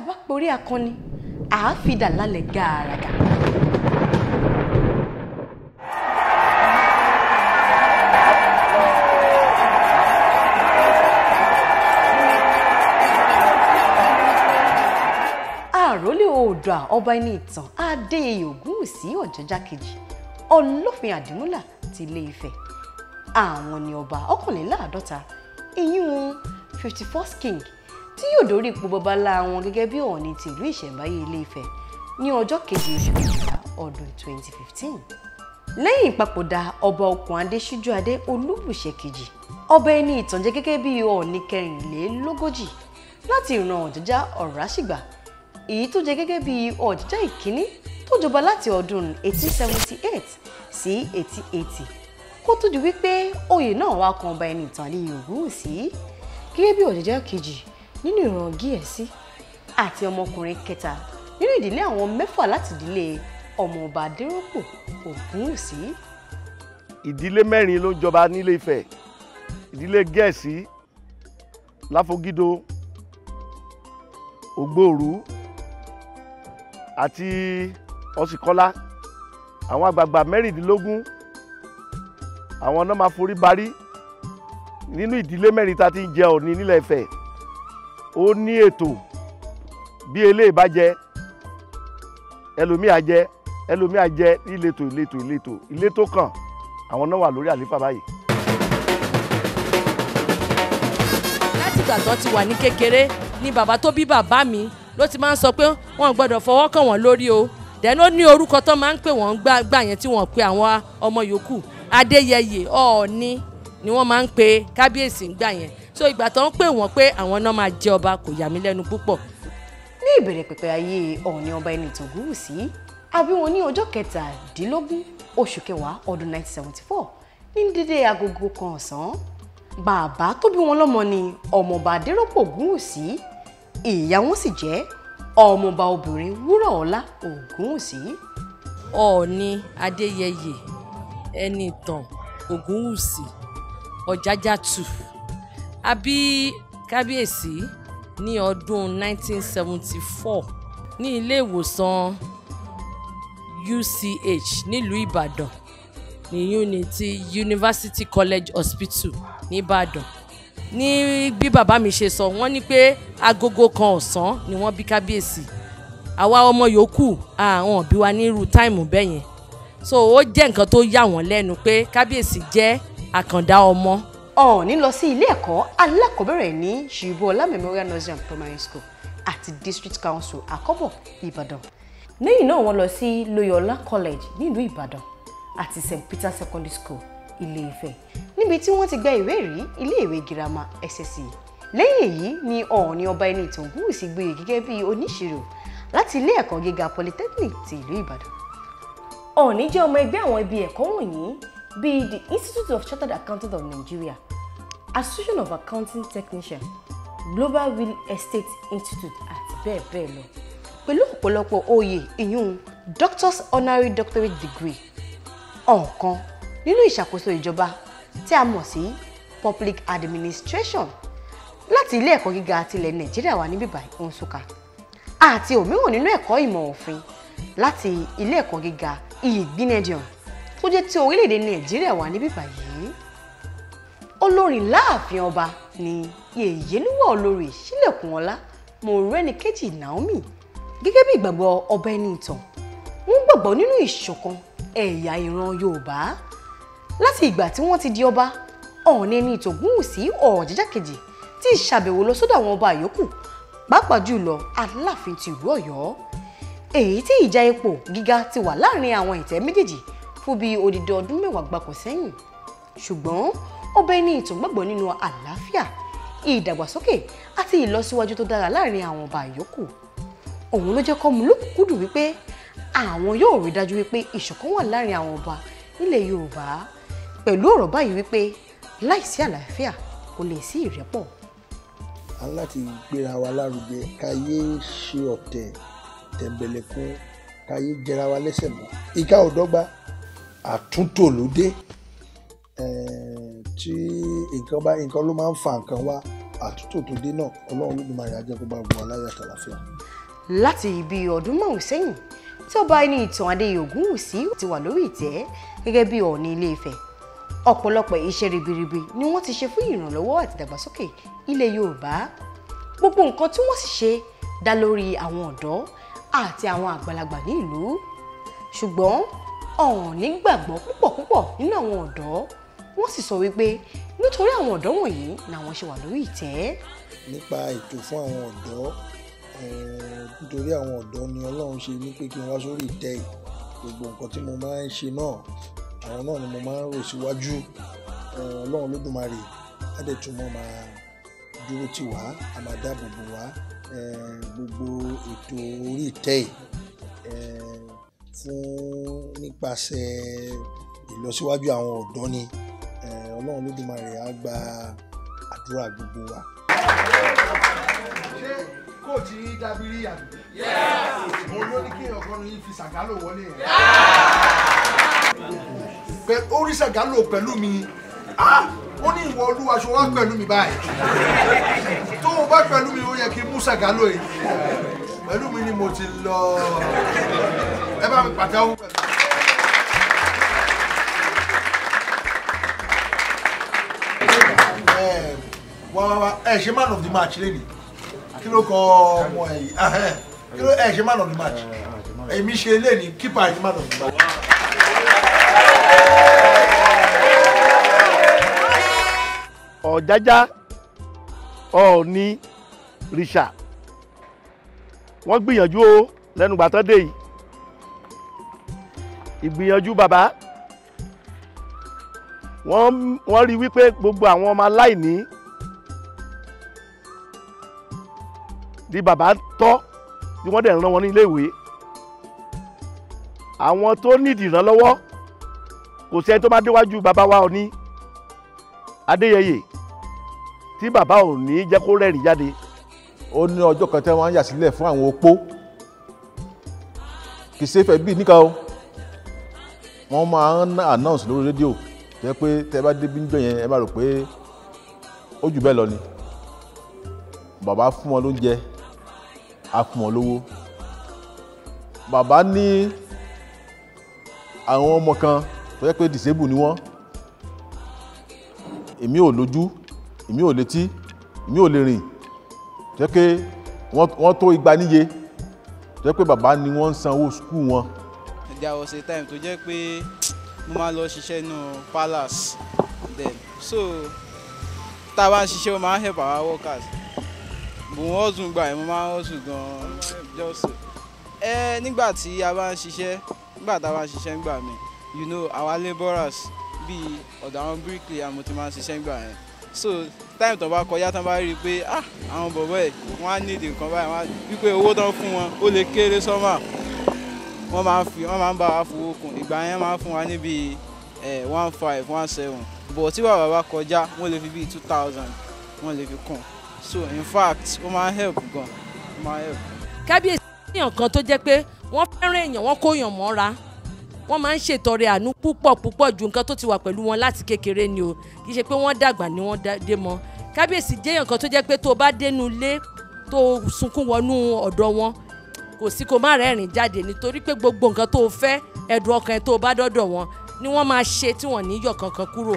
a bá porí akọni àá fìdà lálẹ́ gàràgà. àròlé oòdùà ọba ẹni ìtàn adéyẹyẹ ògúnwùsí ọ̀jọ́jà kejì ọlọ́fin àdìmúlà ti ilé Ifẹ̀ àwọn ni ọba ọkànléláàádọ́ta ìyún fifty first king tí yóò dórí ipò babalá wọn gẹ́gẹ́ bí Ọọ̀ni ti ìlú ìṣẹ̀ǹbáyé ilé Ifẹ̀ ní ọjọ́ kejì oṣù kejìlá ọdún 2015 lẹ́yìn ìpapòdà ọba Okùn Adésíjú Adé Olúbùṣe kejì ọba ẹni ìtànjẹ gẹ́gẹ́ bí Ọọ̀ni kẹrìnlélógójì láti ìran Ọ̀jájá Ọ̀ràṣìgbà èyí tó jẹ gẹ́gẹ́ bí Ọ̀jájá ìkíní tó jọba láti ọdún 1878 sí 1880 kó tó di wípé oyè náà wá kan ọba ẹni ìtàn Alẹ́ Ògúnwùsì gẹ́gẹ́ bí Ọ̀jájá kejì nínú ìran gíẹ̀sí e àti ọmọkùnrin kẹta nínú ìdílé àwọn mẹ́fà láti ìdílé ọmọọba adérọ́pò ògúnwùsí. ìdílé mẹ́rin ló ń jọba nílé Ifẹ̀ ìdílé gẹ̀ẹ́sì e, láfogídó ògbóòrú àti ọ̀sìnkọ́lá àwọn àgbààgbà mẹ́rìndínlógún àwọn náà máa forí barí nínú ìdílé mẹ́rin tá a ti ń jẹ òní nílẹ̀ Ifẹ̀ ó ní ètò bí eléyìí bá jẹ ẹlòmíà jẹ ẹlòmíà jẹ ìletò ìletò ìletò ìletò kan àwọn náà wà lórí àlééfà báyìí. látìgbà tó ti wà ní kékeré ni bàbá tó bí bàbá mi ló ti máa ń sọ pé wọn gbọ́dọ̀ fọwọ́ kàn wọ́n lórí o dẹ́nu ó ní orúkọ tó máa ń pè wọ́n gbà yẹn tí wọ́n pe àwọn ọmọ yòókù adéyẹyè ọ̀ọ́ni ni wọ́n máa ń pe kábíyèsí ń gbà yẹn so ìgbà tó ń pè wọ́n pé àwọn náà máa jẹ ọba kò yà mí lẹ́nu púpọ̀. ní ìbẹ̀rẹ̀ pẹ̀pẹ̀ ayé ọ̀ọ̀ni ọba ẹni tó gúrù sí àbí wọn ní ọjọ́ kẹtàdínlógún oṣù kẹwàá ọdún 1974 ní dédé agogo kan ọ̀sán bàbá tó bí wọn lọ́mọ ni ọmọọba adérọ́pọ̀ ògúnwùsì ìyá wọn sì jẹ́ ọmọọba obìnrin wúrọ̀ọ́lá ògúnwùsì. ọọ̀ni adéyẹyè ẹni ìtàn ògúnwùsì ọ̀jájá tù a bí kábíyèsí ní ọdún 1974 ní ilé ìwòsàn UCH nílùú Ìbàdàn nìyún ní Unity University College Hospital nìbàdàn ní bí bàbá mi ṣe sọ wọ́n ní pé agogo kan ọ̀sán ni wọ́n bí kábíyèsí àwa ọmọ yòókù àwọn òbí wa ní táìmù bẹ́ẹ̀ so ó jẹ́ nǹkan tó yà wọ́n lẹ́nu pé kábíyèsí jẹ́ àkàndá ọmọ ọ̀ọ́ni lọ sí ilé ẹ̀kọ́ alákọ̀ọ́bẹ̀rẹ̀ ní ṣùgbọ́ọ̀lá memorial nursery and primary school àti district council àkọ́bọ̀ ìbàdàn lẹ́yìn náà wọ́n lọ sí loyola college nílùú ìbàdàn àti st peter secondary school ilé ifẹ̀ níbi tí wọ́n ti gba ìwé ẹ̀rí ilé ìwé girama ssce lẹ́yìn èyí ni ọ̀ọ́ni ọba ẹni ìtàn ògúnwùsì gboyè gẹ́gẹ́ bí oníṣirò láti ilé ẹ̀kọ́ gíga polytechnic ti ìlú ìbàdàn ọ̀ọ́ni jẹ́ ọmọ ẹgbẹ́ àwọn ibi ẹ̀kọ́ wọ̀nyí be the Institute of Chartered Accountants of Nigeria, Association of Accounting Technicians, Global Real Estate Institute àti bẹ́ẹ̀ bẹ́ẹ̀ lọ. Pẹ̀lú ọ̀pọ̀lọpọ̀ oyè ìyún Doctor's Honorary Doctorate Degree ọ̀kan nínú ìṣàkóso ìjọba tí a mọ̀ sí Public Administration láti ilé ẹ̀kọ́ gíga tilẹ̀ Nàìjíríà wà níbí báyìí Nsukka àti òmíràn nínú ẹ̀kọ́ ìmọ̀ òfin láti ilé ẹ̀kọ́ gíga Igbinedion tó jẹ́ ti orílẹ̀-èdè nàìjíríà wà níbí báyìí olórin láàfin ọba ni yèyélúwà olórí ìṣílẹ̀kùn ọlá mọ̀rẹ́nìkejì naomi gẹ́gẹ́ bí ìgbàgbọ́ ọba ẹni ìtàn wọ́n gbàgbọ́ nínú ìṣọ̀kan ẹ̀yà ìran yorùbá láti ìgbà tí wọ́n ti di ọba ọ̀ọ̀ni ẹni ìtògúnwùsí ọ̀jẹ̀jẹ̀ kejì tí ìṣàbẹ̀wò lọ sọ́dọ̀ àwọn ọba àyókù pàápàá jùlọ aláàfin ti ìlú ọ̀yọ́ èyí tí ìjà ipò gíga ti wà láàrin àwọn ìtẹ́ méjèèjì fún bíi odidi ọdún mẹ́wàá gbáko sẹ́yìn ṣùgbọ́n ó bẹ́ ní ìtòǹgbàgbọ́ nínú àlàáfíà ìdàgbàsókè àti ìlọsíwájú tó dára láàrin àwọn ọba àyókù òun ló jẹ́ kó mú lókùnkúndùn wípé àwọn yóò rí dájú wípé ìṣọ̀kan wà láàrin àwọn ọba nílẹ̀ Yorùbá pẹ̀lú ọ̀rọ̀ báyìí wípé láìsí àlàáfíà kò lè sí ìrẹ́pọ̀. a ń láti gbéra wa lárugẹ káyé ṣe ọ̀tẹ̀ tẹ̀mbẹ̀lẹ̀kún káyé jẹra wa lẹ́sẹ̀ mọ́ ìka ò dọ́gba àtúntò ló dé tí nǹkan bá nǹkan ló máa ń fa nǹkan wá àtúntò tó dé náà ọlọ́run ló máa yà á jẹ́ kó bá gbọ́ aláyà àtàlàfíà. láti ibi ọdún márùn sẹ́yìn tí ọba ẹni ìtàn adéyẹ ògúnwùsì ti wà lórí ìtẹ́ gẹ́gẹ́ bí ọ̀ọ̀ni ilé ifẹ̀ ọ̀pọ̀lọpọ̀ iṣẹ́ ribiribi ni wọ́n ti ṣe fún ìrànlọ́wọ́ àti ìdàgbàsókè ilẹ̀ yorùbá gbogbo nǹkan tí wọ́n sì ṣe dá lórí àwọn ọ̀dọ́ àti àwọn àgbàlagbà ní ìlú ṣùgbọ́n ọ̀hún nígbàgbọ́ púpọ̀ púpọ̀ nínú àwọn ọ̀dọ́ wọ́n sì sọ wípé nítorí àwọn ọ̀dọ́ wọ̀nyí làwọn ṣe wà lórí ìtẹ́. nípa ètò fún àwọn ọ̀dọ́ eh, nítorí àwọn ọ̀dọ́ ni ọlọ́run ṣe ní pé kí n wá sórí ìtẹ́ yìí gbogbo nǹkan tí mo máa ń ṣe náà àwọn náà ni mo máa ń rò síwájú eh, ọlọ́run lódùmarè á máa dúró tì wá a máa dáàbò bò wá eh, gbogbo ètò orí ìtẹ́ yìí fún nípasẹ̀ ìlọsíwájú àwọn ọ̀dọ́ ni ọlọ́run Olódùmarè á gba àdúrà gbogbo wa. ṣé kóòtù yín dábìrì àbí. mo ló ní kí ọkọ ní fi ṣàgálò wọlé yẹn. ó rí ṣàgálò pẹ̀lú mi ó ní ìwọ olúwa ṣe wá pẹ̀lú mi báyìí tó o bá pẹ̀lú mi ó yẹ kí n mú ṣàgálò yìí pẹ̀lú mi ni mo ti lọ ẹ bá mi pàtẹ́wọ́. wá ṣe man of the match lẹ́nu kí ló kọ ọmọ ẹ yìí kí ló ẹ ṣe man of the match èmi ṣe lẹ́nu kípa ẹ ṣe man of the match. ọ̀jájá ọ̀ọ́ni rìṣà wọ́n gbìyànjú o lẹ́nu gbàtọ́ dé yìí ìgbìyànjú bàbá wọ́n wọ́n rí wípé gbogbo àwọn ọmọ aláìní di bàbá tọ́ tí wọ́n dẹ̀ rán wọn ní iléèwé àwọn tó nídìí ìrànlọ́wọ́ kò sí ẹni tó máa déwájú bàbá wa Ọọ̀ni Adéyẹyè tí bàbá ò ní jẹ́ kó rẹ́rìn jáde. ó ní ọjọ́ kan tí wọ́n á yà sílẹ̀ fún àwọn opó kìí ṣe é fẹ́ bíi níkan o wọ́n máa ń announce lórí rédíò jẹ́ pé tẹ́ bá débi níjọ́ yẹn ẹ bá rò pé ó jù bẹ́ẹ̀ lọ ni bàbá fún wọn lóúnjẹ a fún wọn lówó bàbá ní àwọn ọmọ kan tó jẹ́ pé disable ni wọ́n èmi ò lójú èmi ò létí èmi ò lè rìn jẹ́ pé wọ́n tó igba níye jẹ́ pé bàbá ni wọ́n ń sanwó skul wọn there was a time to jẹ́ pé mo máa lọ ṣiṣẹ́ nínú palace then so tá a bá ń ṣiṣẹ́ o máa ń help our workers mo ń hustle gbà yẹn mo máa ń hustle gan-an just ẹ nígbà tí a bá ń ṣiṣẹ́ nígbà tá a bá ń ṣiṣẹ́ nígbà mi you know our labourers bíi ọ̀dọ̀ àwọn bíríkìlì àmọ́ tí máa ń ṣiṣẹ́ nígbà yẹn so time tó bá kọjá tán bá rí i pé ah àwọn bọ̀bọ̀ ẹ̀ wọ́n á nídìí nǹkan báyìí wọ́n á wípé owó tán fún wọn ó lè kéré sọ́mà wọ́n máa ń fi wọ́n máa ń bá wa fowó kún ìgbà yẹn máa ń fún wa níbi one five one seven bọ̀ tí bàbá bá kọjá wọ́n lè fi bíi two thousand wọ́n lè fi kún so in fact ó máa ń help gan ó máa ń help. kábíyèsí èèyàn kan tó jẹ́ pé wọ́n fẹ́ràn èèyàn wọ́n kóyàn mọ́ra wọ́n máa ń ṣètọrẹ àánú púpọ̀ púpọ̀ ju nǹkan tó ti wà pẹ̀lú wọn láti kékeré ni o kì í ṣe pé wọ́n dàgbà ni wọ́n dé mọ́ kábíyèsí jẹ́ èèyàn kan tó jẹ́ pé tó o bá dénú ilé tó o sunkún wọnú ọ̀dọ̀ wọn kò sí kó má rẹ́rìn jáde nítorí pé gbogbo nǹkan tó fẹ́ ẹ̀dùn ọkàn ẹ̀ tó bá dọ́dọ̀ wọn ni wọ́n máa ṣe tí wọ́n ní yọ̀ kankan kúrò.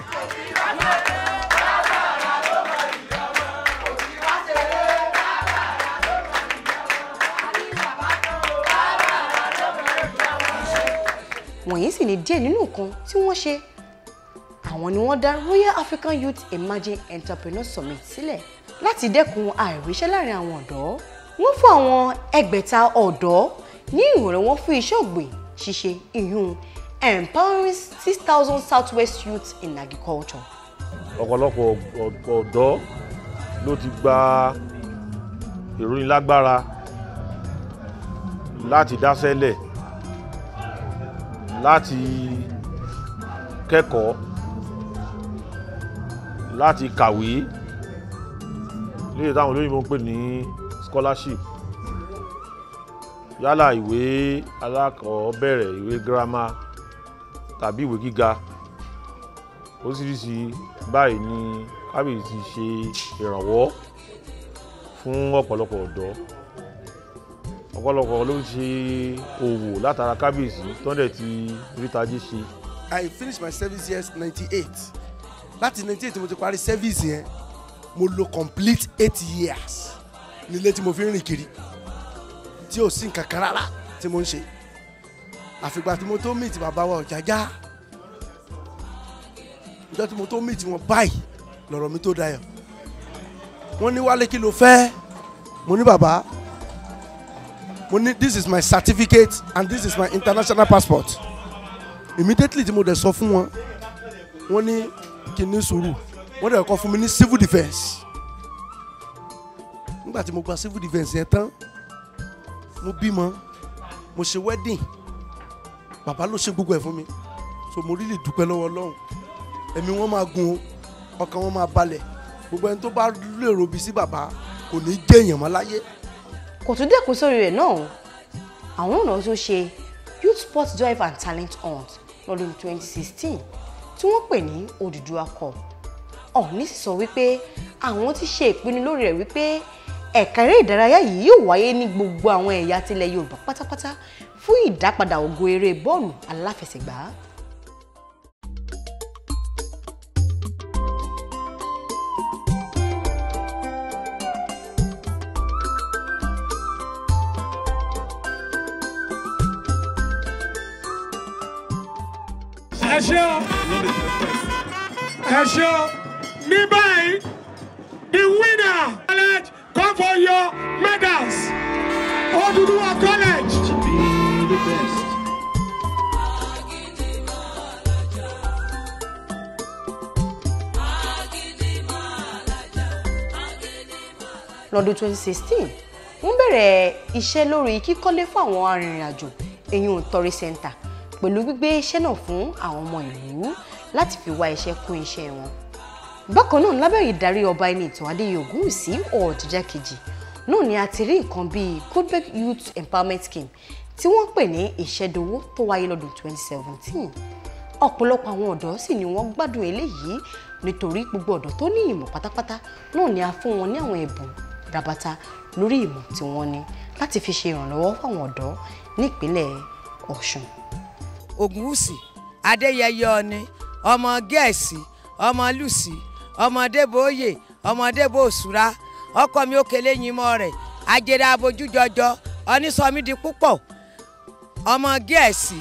wọ̀nyí sì ni díẹ̀ nínú nǹkan tí wọ́n ṣe àwọn ni wọ́n dá Royal African Youth Emerging Entrepreneur Summit sílẹ̀ láti dẹ́kun àìríṣẹ́ láàrin àwọn ọ̀dọ́ wọ́n fún àwọn ẹgbẹ̀ta ọ̀dọ́ ní ìrànlọ́wọ́ fún iṣẹ́ ọ̀gbìn ṣíṣe ìyún empowering six thousand southwest youths in agriculture. ọ̀pọ̀lọpọ̀ ọ̀dọ́ ló ti gba ìrónilágbára láti dáṣẹ́lẹ̀ láti kẹ́kọ̀ọ́ láti kàwé léyìí táwọn olóyìnbó ń pè ní scholarship yálà ìwé alákọ̀ọ́bẹ̀rẹ̀ ìwé girama tàbí ìwé gíga oríṣiríṣi báyìí ni kábíyèsí ṣe ìrànwọ́ fún ọ̀pọ̀lọpọ̀ ọ̀dọ́ ọ̀pọ̀lọpọ̀ ló ń ṣe òwò látara kábíyèsí tọ́ndẹ̀ ti rítajé ṣe. I finished my service years ninety eight láti ninety eight mo ti parí service yẹn mo lò complete eight years nílé tí mo fi ń rìn kiri tí ò sí nǹkan kan rárá tí mo ń ṣe àfìgbà tí mo tó mìtì bàbá wa Ọ̀jájá ìjọ tí mo tó mìtì wọn báyìí lọ̀rọ̀ mi tó dayọ̀ wọ́n ní wálé kí ló fẹ́ mo ní bàbá mo ní this is my certificate and this is my international passport immediately tí mo dẹ̀ sọ fún wọn wọ́n ní kí n ní sùúrù wọ́n dẹ̀ kọ́ fún mi ní civil defence nígbà tí mo gba civil defence yẹn tán mo bímọ mo ṣe wedding bàbá ló ṣe gbogbo ẹ̀ fún mi so mo rí lè dúpẹ́ lọ́wọ́ Ọlọ́run ẹ̀mí wọn máa gun ọkàn wọn máa balẹ̀ gbogbo ẹni tó bá lérò bí sí bàbá kò ní jẹ́ èèyàn mọ́ láyé. kò tún dẹ́kun sórí rẹ̀ náà àwọn ọ̀nà tó ṣe youth sport drive and talent hunt lọ́dún twenty sixteen tí wọ́n pè ní Odùduwà Cup ọ̀hún sì sọ wípé àwọn ti ṣe ìpinnu lórí rẹ̀ wípé ẹ̀ka eré ìdárayá yìí yóò wáyé ní gbogbo àwọn ẹ̀yà tilẹ̀ Yorùbá pátápátá fún ìdápadà ògo eré bọ́ọ̀lù aláfẹsẹ̀gbá. ẹṣọ ẹṣọ ní báyìí the winner. lọ́dún 2016 wọ́n bẹ̀rẹ̀ iṣẹ́ lórí kíkọ́lé fún àwọn arìnrìn-àjò èyàn tọrí sẹ́ńtà pẹ̀lú gbígbé iṣẹ́ náà fún àwọn ọmọ ìlú láti fi wá iṣẹ́ kún iṣẹ́ wọn. bákan náà lábẹ́ ìdarí ọba Ẹnìtàn Adéyẹgúnwùsì Ọ̀jájá kejì náà ni a ti rí nǹkan bíi Goldberg Youth Empowerment Scheme tí wọ́n pè ní ìṣẹ́dowó tó wáyé lọ́dún 2017 ọ̀pọ̀lọpọ̀ àwọn ọ̀dọ́ sì ni wọ́n gbádùn eléyìí nítorí gbogbo ọ̀dọ́ tó ní ìmọ̀ pátápátá náà ni a fún wọn ní àwọn ẹ̀bùn rabata lórí ìmọ̀ tí wọ́n ní láti fi ṣe ìrànlọ́wọ́ fáwọn ọ̀dọ́ nípínlẹ̀ Ọ̀ṣun. Ògúnwùsì Adéyẹyẹ Ọ̀ni ọmọ Gẹ̀ẹ́sì ọmọ Lùsì ọmọ Débóyè ọmọ Débòsúra ọkọ mi ó kele yinmọ rẹ ajẹrẹ abojú jọjọ Ọ̀nísọmí di púpọ̀ ọmọ Gẹ̀ẹ́sì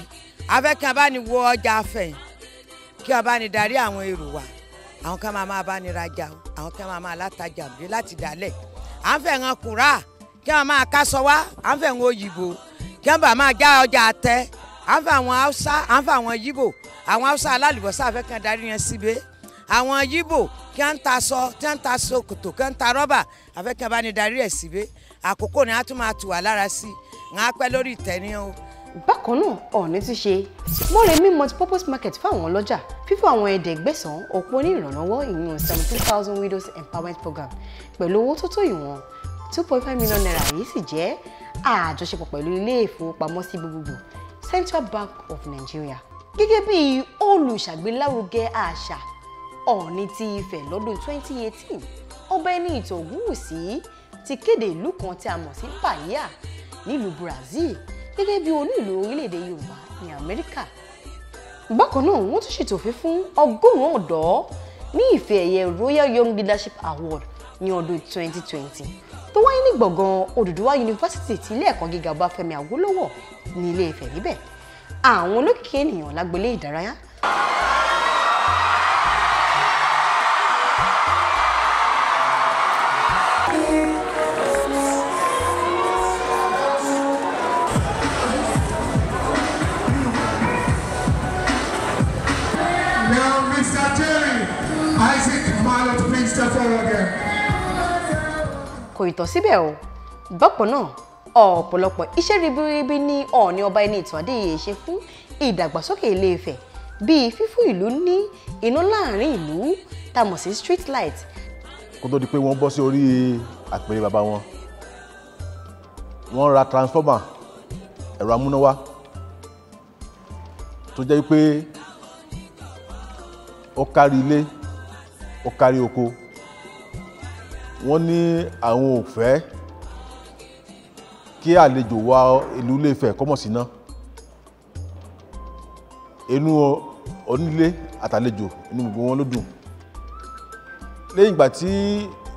afẹ́kẹ́ abániwo ọjà afẹ́yìn kí abáni darí àwọn èrò wa àwọn kan máa máa báni rajà àwọn kan máa máa látajà bí láti dálẹ̀ à ń fẹ́ ran kùrà kí wọ́n máa kásọ wá à ń fẹ́ ran òyìnbó kí wọ́n bá máa já ọjà àtẹ à ń fẹ́ àwọn haúsá à ń fẹ́ àwọn yíbò àwọn haúsá alálùbọ́sà fẹ́ kàn darí yẹn síbẹ̀ àwọn yíbò kí wọ́n ta sọ kí wọ́n ta ṣòkòtò kí wọ́n ta rọ́bà àfẹ́ bá ní darí ẹ̀ síbẹ̀ àkókò ni a tún máa tù wá lára sí i á pẹ́ lórí ìtẹ́ o bákan náà ọ̀ọ́ni ti ṣe mọ́rẹ̀mí multipurpose market fáwọn ọlọ́jà fífún àwọn ẹ̀ẹ́dẹ́gbẹ̀sán òpó ní ìrànlọ́wọ́ ìyún seventeen thousand widows empowerment program pẹ̀lú owó tó tó ìwọ̀n two point five million naira yìí sì jẹ́ àjọṣepọ̀ pẹ̀lú ilé ìfowópamọ́sí gbogbogbò Central Bank of Nigeria gẹ́gẹ́ bí olùṣàgbélárugẹ àṣà ọ̀ọ́ni ti Ifẹ̀ lọ́dún twenty eighteen ọba ẹni ìtàn Ògúnwùsì ti kéde ìlú kan tí a mọ̀ sí Bahia nílùú Brazil gẹ́gẹ́ bí onílù orílẹ̀-èdè Yorùbá ní Amẹ́ríkà bákan náà wọ́n tún ṣètò òfin fún ọgọ́rùn-ún ọ̀dọ́ ní ife ẹ̀yẹ Royal Young Leadership Award ní ọdún 2020 tó wáyé ní gbọ̀ngàn Odùduwà yunifásitì ti ilé ẹ̀kọ́ gíga Ọbáfẹ́mi Awólọ́wọ̀ ní Ilé-Ifẹ̀ níbẹ̀ àwọn olókìkí ènìyàn lágbolé ìdárayá kò ì tọ́ síbẹ̀ o bákan náà ọ̀pọ̀lọpọ̀ iṣẹ́ ribiribi ni Ọọ̀ni ọba Ẹnìtàn Adéyẹyè ṣe fún ìdàgbàsókè Ilé Ifẹ̀ bíi fífún ìlú ní iná láàrin ìlú tá a mọ̀ sí street light. kó tó di pé wọ́n bọ́ sí orí àpèrè bàbá wọn wọ́n ra transformer ẹ̀rọ amúnáwá tó jẹ́ pé ó kárí ilé ó kárí oko wọ́n ní àwọn ò fẹ́ kí àlejò wa ìlú Ilé-Ifẹ̀ kọ́mọ̀ sí ná inú onílé àtàlejò inú gbogbo wọn ló dùn lẹ́yìn ìgbà tí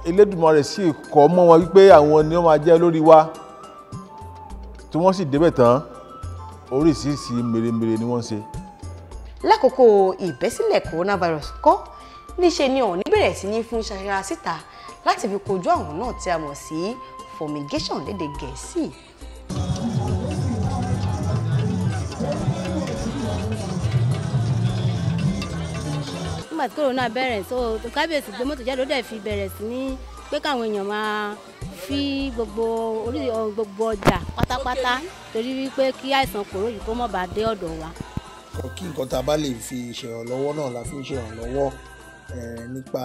Elédùmarè sì kọ́ mọ́ wọn wípé àwọn ni wọ́n máa jẹ́ lórí wa tí wọ́n sì débẹ̀ tán oríṣiríṣi mèremère ni wọ́n ń ṣe. lákòókò ìbẹ́sílẹ̀ coronavirus kọ́ níṣe ni ọ̀hún bẹ̀rẹ̀ sí ní fún ṣàṣàrà síta láti fi kojú àrùn náà tí a mọ̀ sí fumigation lédè gẹ̀ẹ́sì. nígbà tí corona bẹ̀rẹ̀ so kábíyèsí gbé mọ́tò jáde ó dẹ̀ fi bẹ̀rẹ̀ sí ní pé káwọn èèyàn máa fi gbogbo orí gbogbo ọjà pátápátá torí wípé kí àìsàn kòró yìí kó má bàa dé ọ̀dọ̀ wa. kí nǹkan tá a bá lè fi ṣèrànlọ́wọ́ náà la fi ń ṣèrànlọ́wọ́ nípa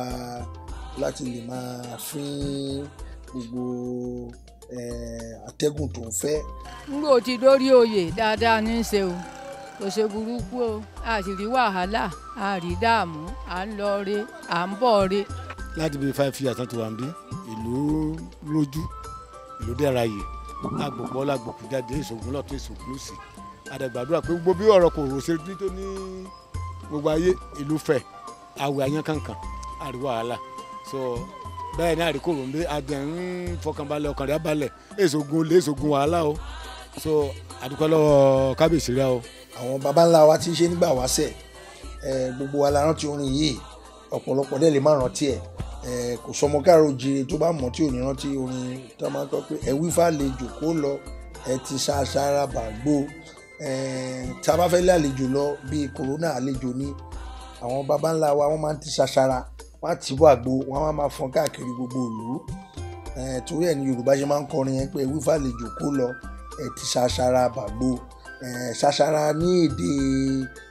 láti lè máa fín gbogbo atẹ́gùn tó ń fẹ́. nígbà ó ti dórí oyè dáadáa ní í ṣe o kò ṣe burúkú o a sì rí wàhálà a rí dààmú à ń lọ re à ń bọ̀ re. láti bíi five years láti wà ń bí ìlú lójú ìlú dára yìí lágbòpọ̀ lágbòpọ̀ jáde ìṣògùn lọ́tún ìṣògùn sí àdàgbàdúrà pé gbogbo bí ọ̀rọ̀ kò rò ṣe bí tó ní gbogbo ayé ìlú fẹ̀ àwẹ̀ àyànkankan àrí wàhálà so bẹ́ẹ̀ náà rí kòrò ńlẹ́ adẹ̀rín fọkànbalẹ̀ ọkàn rẹ̀ abalẹ̀ èsogun olè èsogun wàhálà o so àdúpẹ́ lọ́wọ́ kábíyèsí rẹ o. àwọn baba ńlá wa ti ń ṣe nígbà wáṣẹ̀ gbogbo wa la rántí orin yìí ọ̀pọ̀lọpọ̀ dẹ̀ lè má rántí ẹ̀ kò sọmọ káàró jire tó bá mọ̀ tí ò ní rántí orin tó máa ń pé ẹ̀ wífà lè jòkó lọ ẹ̀ ti ṣàṣàrà bàgbó tá a bá fẹ́ lé lọ bíi kòrónà àlejò ni àwọn baba ńlá wa wọ́n máa ń ti ṣaṣara wọ́n á ti bọ́ àgbo wọ́n á máa fọn káàkiri gbogbo ìlú torí ẹ̀ ní Yorùbá ṣe máa ń kọrin yẹn pé wífà lè jòkó lọ ẹ̀ ti ṣaṣara bàgbo ṣaṣara ní èdè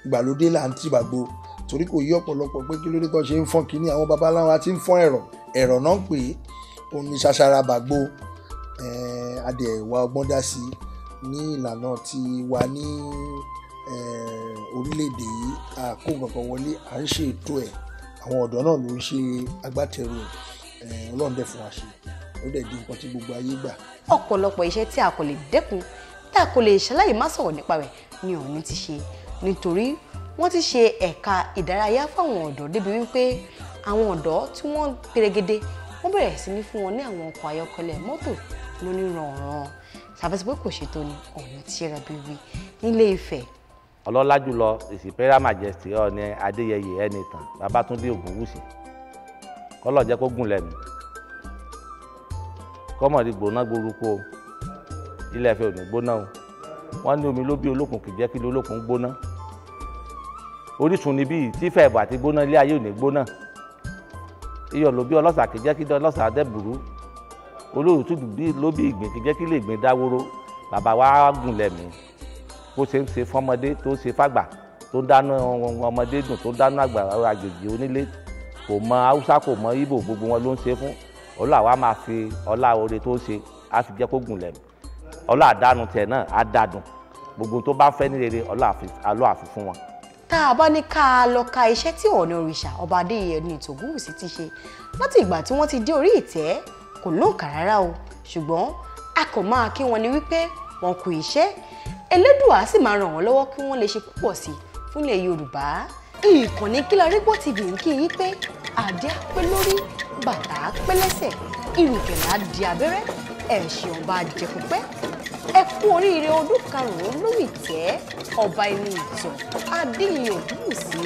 ìgbàlódé là ń ti bàgbo torí kò yí ọ̀pọ̀lọpọ̀ pé kí ló ṣe ń fọ́n kínní àwọn babaláwa ti ń fọ́n ẹ̀rọ̀ ẹ̀rọ̀ náà ń pè é òun ni ṣaṣara bàgbo adẹ̀wà ọgbọ́n dá sí ní ìlànà ti wà ní Eh, orílẹ̀-èdè yìí a kó kankan wọlé à ń ṣe ètò ẹ̀ àwọn ọ̀dọ́ náà ló ń ṣe agbátẹrù ẹ̀ eh, ọlọ́run dẹ̀ fún wa ṣe ó dẹ̀ di nǹkan tí gbogbo ayé gbà. ọ̀pọ̀lọpọ̀ iṣẹ́ tí a kò lè dẹ́kun tí a kò lè ṣaláyè má sọ̀rọ̀ nípa rẹ̀ ni Ọọ̀ni ti ṣe nítorí wọ́n ti ṣe ẹ̀ka ìdárayá fáwọn ọ̀dọ́ débi wípé àwọn ọ̀dọ́ tí wọ́n perégedé wọ́n bẹ̀rẹ̀ sí ní fún wọn ní àwọn ọkọ̀ ayọ́kẹ́lẹ́ mọ́tò lónírànràn ṣàfẹ́sí pé kò ṣètò ni Ọọ̀ni ti ṣe rẹ̀ bíi nílé Ifẹ̀ ọlọ́lá jùlọ ìsìpẹ́rà majesty ọ̀ọ́ni adéyẹyẹ ẹnìtàn babátúndé ògúnwùsì kọ́lọ̀ jẹ́ kó gùn lẹ́nu kọ́mọ̀dé gbóná gboruko ilẹ̀ ẹ̀fẹ̀ òní gbóná o wọ́n ní omi ló bí olókùn kìí jẹ́ kí olókùn gbóná orísun níbí tífẹ̀ ẹ̀bà àti gbóná ilé ayé òní gbóná iyọ̀ ló bí ọlọ́sà kìí jẹ́ kí ọlọ́sà dẹ́bùrú olóòtú ló bí ìgbín kìí jẹ́ kí ilé ìgbín dáwóró bàbá wa gùn lẹ́mìí bó ṣe ń ṣe fọmọdé tó ń ṣe fàgbà tó ń dáná ọmọdé dùn tó ń dáná àgbà àjèjì onílé kò mọ haúsá kò mọ ibo gbogbo wọn ló ń ṣe fún ọlá wa máa fi ọlá oore tó ń ṣe á fi jẹ́ kó gùn lẹ̀ ọlá àdánù tiẹ̀ náà á dàdùn gbogbo tó bá fẹ́ ní rere ọlá àlọ́ àfi fún wọn tá a bá ní ká lọ ka iṣẹ́ tí ọ̀nà òrìṣà ọba adéyẹni tògúnwùsì ti ṣe láti ìgbà tí wọ́n ti dé orí ìtẹ́ kò lóǹkà rárá o ṣùgbọ́n a kò máa kí wọn ní wípé wọn kú iṣẹ́ Elédùà sì máa ràn wọ́n lọ́wọ́ kí wọ́n lè ṣe púpọ̀ sí fúnlẹ̀ Yorùbá ìkànnì Kílárí Gbọ́ TV ń kí yín pé àdé pé lórí bàtà pé lẹ́sẹ̀ ìrùkẹ̀lá di abẹ́rẹ́ ẹ̀ṣẹ̀ ọba jẹ̀kúpẹ́ ẹ kú oríire ọdún karùn-ún lórí ìtẹ́ ọba ẹni ìtàn adéyìn òdúbùsí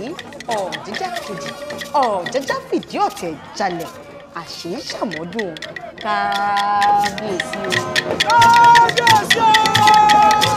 ọ̀jẹ́já kejì ọ̀jẹ́já fìdí ọ̀tẹ̀ jalẹ̀ àṣẹ ìṣàmọ́dún kábíyèsí o. kábíyèsí o.